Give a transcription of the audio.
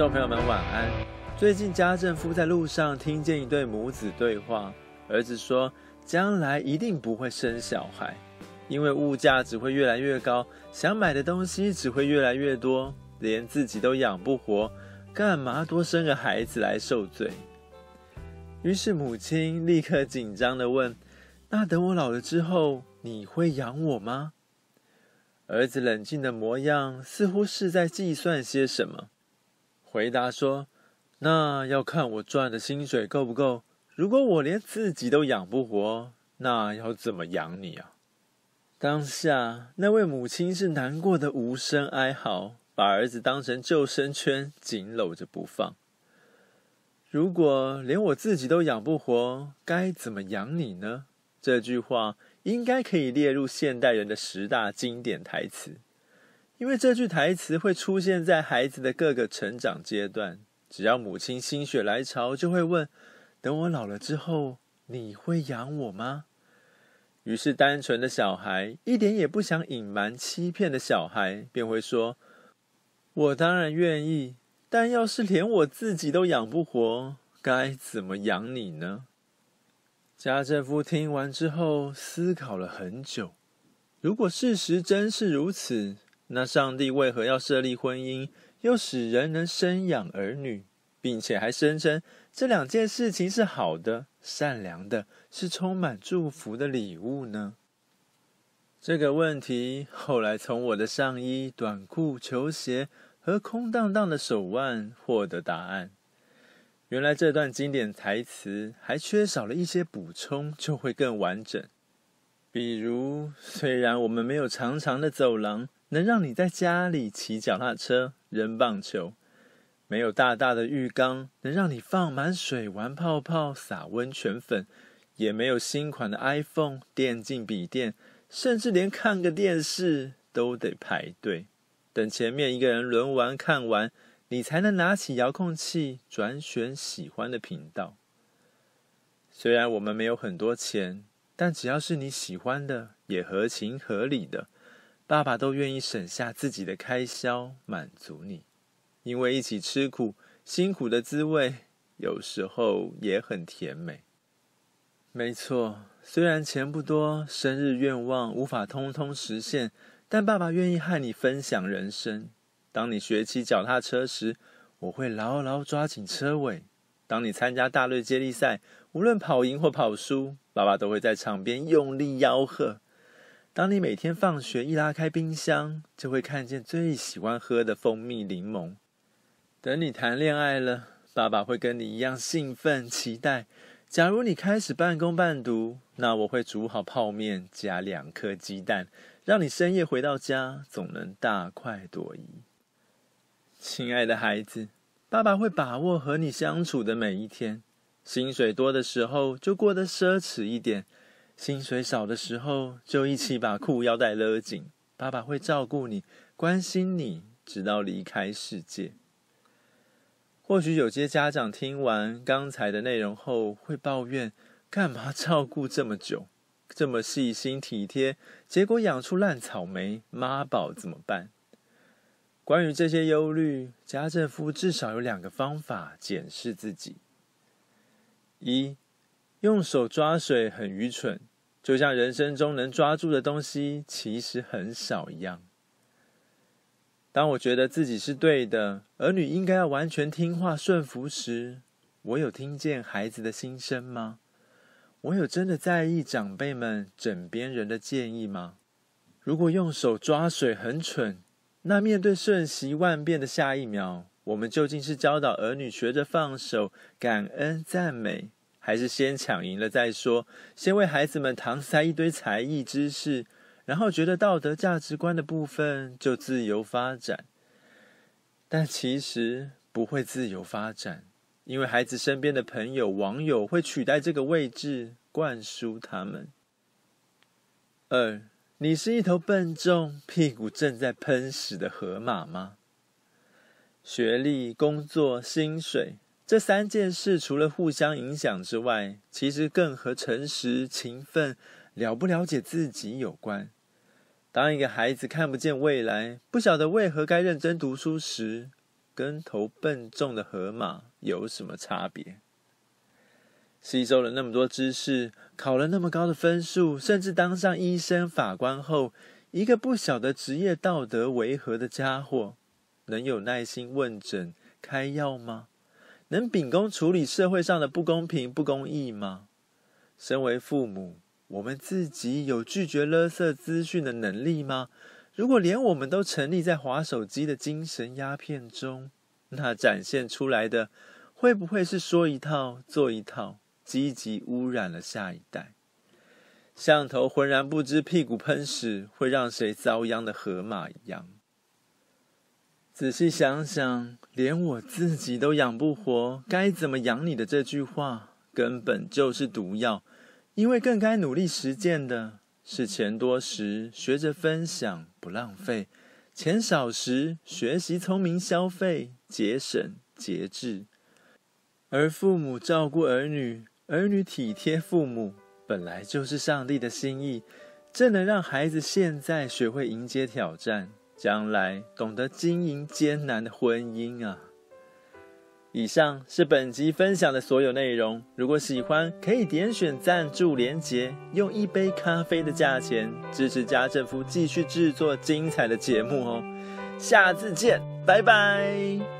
觀眾朋友們晚安。最近家政夫在路上聽見一對母子對話。兒子說：“將來一定不會生小孩，因為物價只會越來越高，想買的東西只會越來越多，連自己都養不活，幹嘛多生個孩子來受罪？”於是母親立刻緊張地問：“那等我老了之後，你會養我嗎？”兒子冷靜的模樣，似乎是在計算些什麼。回答說：“那要看我賺的薪水夠不夠。如果我連自己都養不活，那要怎麼養你啊？”當下那位母親是難過得無聲哀嚎，把兒子當成救生圈緊摟着不放。如果連我自己都養不活，該怎麼養你呢？這句話應該可以列入現代人的十大經典台詞。因為這句台詞會出現在孩子的各個成長階段，只要母親心血來潮，就會問：“等我老了之後，你會養我嗎？”於是，單純的小孩一點也不想隱瞞、欺騙的小孩便會說：“我當然願意，但要是連我自己都養不活，該怎麼養你呢？”家政夫聽完之後，思考了很久。如果事實真是如此，那上帝為何要設立婚姻，又使人能生養兒女，並且還聲稱這兩件事情是好的、善良的，是充滿祝福的禮物呢？這個問題後來從我的上衣、短褲、球鞋和空蕩蕩的手腕獲得答案。原來這段經典台詞還缺少了一些補充，就會更完整。比如，雖然我們沒有長長的走廊，能讓你在家裡騎腳踏車、扔棒球，沒有大大的浴缸能讓你放滿水玩泡泡、撒溫泉粉，也沒有新款的 iPhone 電競筆電，甚至連看個電視都得排隊，等前面一個人輪完看完，你才能拿起遙控器轉選喜歡的頻道。雖然我們沒有很多錢，但只要是你喜歡的，也合情合理的。爸爸都願意省下自己的開銷滿足你，因為一起吃苦辛苦的滋味有時候也很甜美。沒錯，雖然錢不多，生日願望無法通通實現，但爸爸願意和你分享人生。當你學騎腳踏車時，我會牢牢抓緊車尾；當你參加大隊接力賽，無論跑贏或跑輸，爸爸都會在場邊用力吆喝。當你每天放學一拉開冰箱，就會看見最喜歡喝的蜂蜜檸檬。等你談戀愛了，爸爸會跟你一樣興奮期待。假如你開始半工半讀，那我會煮好泡麵，加兩顆雞蛋，讓你深夜回到家總能大快朵頤。親愛的孩子，爸爸會把握和你相處的每一天。薪水多的時候，就過得奢侈一點。薪水少的時候，就一起把褲腰帶勒緊。爸爸會照顧你、關心你，直到離開世界。或許有些家長聽完剛才的內容後，會抱怨：幹嘛照顧這麼久，這麼細心體貼，結果養出爛草莓媽寶怎麼辦？關於這些憂慮，家政夫至少有兩個方法檢視自己：一、用手抓水很愚蠢。就像人生中能抓住的東西其實很少一樣。當我覺得自己是對的，兒女應該要完全聽話順服時，我有聽見孩子的心聲嗎？我有真的在意長輩們枕邊人的建議嗎？如果用手抓水很蠢，那面對瞬息萬變的下一秒，我們究竟是教導兒女學着放手、感恩、讚美。還是先搶贏了再說，先為孩子們搪塞一堆才藝知識，然後覺得道德價值觀的部分就自由發展。但其實不會自由發展，因為孩子身邊的朋友、網友會取代這個位置，灌輸他們。二，你是一頭笨重、屁股正在噴屎的河馬嗎？學歷、工作、薪水。這三件事除了互相影響之外，其實更和誠實、勤奮、了不了解自己有關。當一個孩子看不見未來，不曉得為何該認真讀書時，跟頭笨重的河馬有什麼差別？吸收了那麼多知識，考了那麼高的分數，甚至當上醫生、法官後，一個不曉得職業道德為何的家伙，能有耐心問診、開藥嗎？能秉公處理社會上的不公平、不公義嗎？身為父母，我們自己有拒絕垃圾資訊的能力嗎？如果連我們都沉溺在滑手機的精神鴉片中，那展現出來的會不會是說一套做一套，積極污染了下一代？像頭渾然不知屁股噴屎會讓誰遭殃的河馬一樣。仔細想想，連我自己都養不活，該怎麼養你的這句話，根本就是毒藥。因為更該努力實踐的是：錢多時學着分享，不浪費；錢少時學習聰明消費，節省節制。而父母照顧兒女，兒女體貼父母，本來就是上帝的心意，正能讓孩子現在學會迎接挑戰。將來懂得經營艱難的婚姻啊！以上是本集分享的所有內容。如果喜歡，可以點選贊助連結，用一杯咖啡的價錢支持家政夫繼續制作精彩的節目哦。下次見，拜拜。